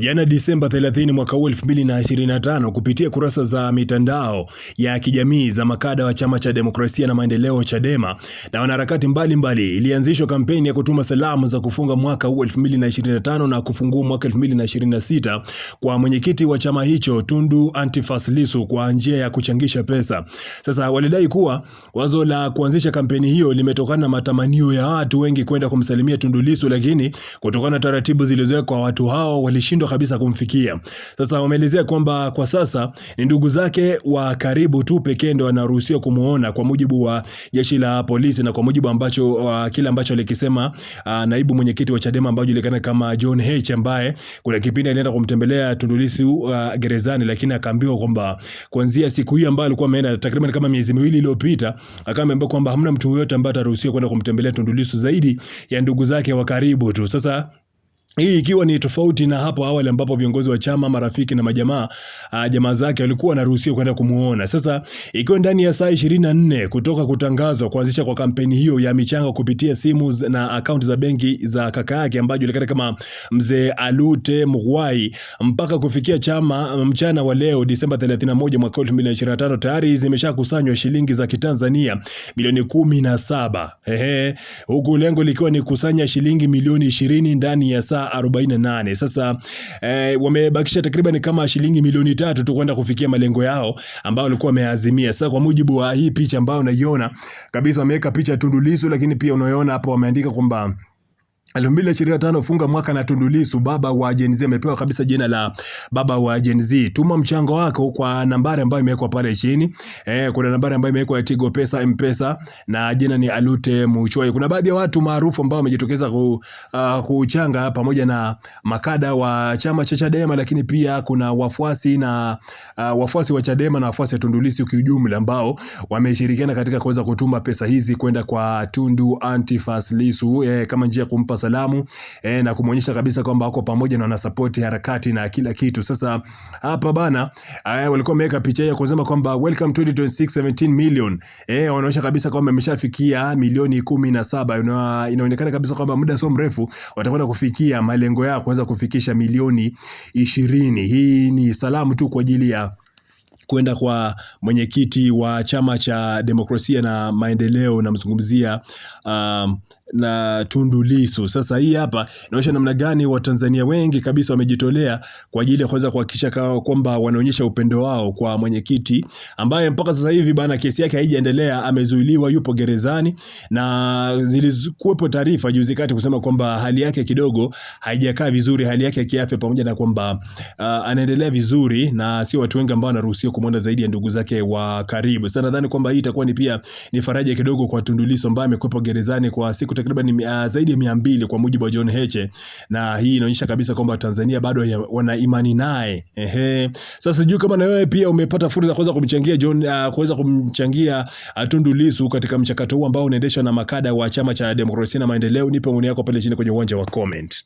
Jana Disemba 30 mwaka 2025 kupitia kurasa za mitandao ya kijamii za makada wa chama cha demokrasia na maendeleo Chadema na wanaharakati mbalimbali ilianzishwa kampeni ya kutuma salamu za kufunga mwaka 2025 na kufungua mwaka 2026 kwa mwenyekiti wa chama hicho Tundu Antifas Lissu kwa njia ya kuchangisha pesa. Sasa walidai kuwa wazo la kuanzisha kampeni hiyo limetokana na matamanio ya watu wengi kwenda kumsalimia Tundu Lissu, lakini kutokana na taratibu zilizowekwa watu hao walishindwa kabisa kumfikia. Sasa wameelezea kwamba kwa sasa ni ndugu zake wa karibu tu pekee ndio wanaruhusiwa kumuona kwa mujibu wa jeshi la polisi na kwa mujibu ambacho uh, kile ambacho alikisema uh, naibu mwenyekiti wa Chadema ambaye julikana kama John H ambaye kuna kipindi alienda kumtembelea Tundu Lissu uh, gerezani, lakini akaambiwa kwamba kuanzia siku hiyo ambayo alikuwa ameenda takriban kama miezi miwili iliyopita, akaambiwa kwamba hamna mtu yeyote ambaye ataruhusiwa kwenda kumtembelea Tundu Lissu zaidi ya ndugu zake wa karibu tu. Sasa hii ikiwa ni tofauti na hapo awali ambapo viongozi wa chama, marafiki na majamaa uh, jamaa zake walikuwa wanaruhusiwa kwenda kumuona. Sasa ikiwa ndani ya saa 24 kutoka kutangazwa kuanzisha kwa kampeni hiyo ya michango kupitia simu na akaunti za benki za kaka yake ambaye julikana kama Mzee Alute Mugwai mpaka kufikia chama mchana wa leo Disemba 31 mwaka 2025, tayari zimeshakusanywa shilingi za Kitanzania milioni 17. Ehe, huku lengo likiwa ni kusanya shilingi milioni 20 ndani ya saa pesa 48. Sasa eh, wamebakisha takriban kama shilingi milioni tatu tu kwenda kufikia malengo yao ambao walikuwa wameazimia. Sasa kwa mujibu wa hii picha ambayo unaiona kabisa, wameweka picha Tundu Lissu, lakini pia unaiona hapo wameandika kwamba 2025 funga mwaka na Tundu Lissu, baba wa Gen Z. Amepewa kabisa jina la baba wa Gen Z. Tuma mchango wako kwa nambari ambayo imewekwa pale chini. Eh, kuna nambari ambayo imewekwa ya Tigo Pesa, Mpesa na jina ni Alute Muchoi. Kuna baadhi ya watu maarufu ambao wamejitokeza ku, uh, kuchanga pamoja na makada wa chama cha Chadema, lakini pia kuna wafuasi na uh, wafuasi wa Chadema na wafuasi wa Tundu Lissu kiujumla ambao wameshirikiana katika kuweza kutuma pesa hizi kwenda kwa Tundu Antifas Lissu eh, kama njia kumpa salamu e, na kumuonyesha kabisa kwamba wako pamoja na wanasapoti harakati na kila kitu. Sasa hapa bana, eh, walikuwa wameweka picha ya kusema kwamba welcome 2026 17 million eh, wanaonyesha kabisa kwamba imeshafikia milioni kumi na saba. inaonekana kabisa kwamba muda sio mrefu watakwenda kufikia malengo yao kuweza kufikisha milioni ishirini. Hii ni salamu tu kwa ajili ya kwenda kwa mwenyekiti wa chama cha demokrasia na maendeleo, namzungumzia um, na Tundu Lissu. Sasa hii hapa inaonyesha namna gani Watanzania wengi kabisa wamejitolea kwa ajili ya kuweza kuhakikisha kwamba wanaonyesha upendo wao kwa mwenyekiti ambaye mpaka sasa hivi bana, kesi yake haijaendelea, amezuiliwa, yupo gerezani, na zilikuwepo taarifa juzi kati kusema kwamba hali yake kidogo haijakaa vizuri, hali yake ya kiafya, pamoja na kwamba uh, anaendelea vizuri, na sio watu wengi ambao wanaruhusiwa kumwona zaidi ya ndugu zake wa karibu. Sasa nadhani kwamba hii itakuwa ni pia ni faraja kidogo kwa Tundu Lissu ambaye amekwepo gerezani kwa siku takriban uh, zaidi ya mia mbili kwa mujibu wa John Heche, na hii inaonyesha kabisa kwamba Tanzania bado wana imani naye. Ehe, sasa sijui kama na wewe pia umepata fursa kuweza kumchangia John uh, kuweza kumchangia uh, Tundu Lissu katika mchakato huu ambao unaendeshwa na makada wa Chama cha Demokrasia na Maendeleo. Nipe maoni yako pale chini kwenye uwanja wa comment.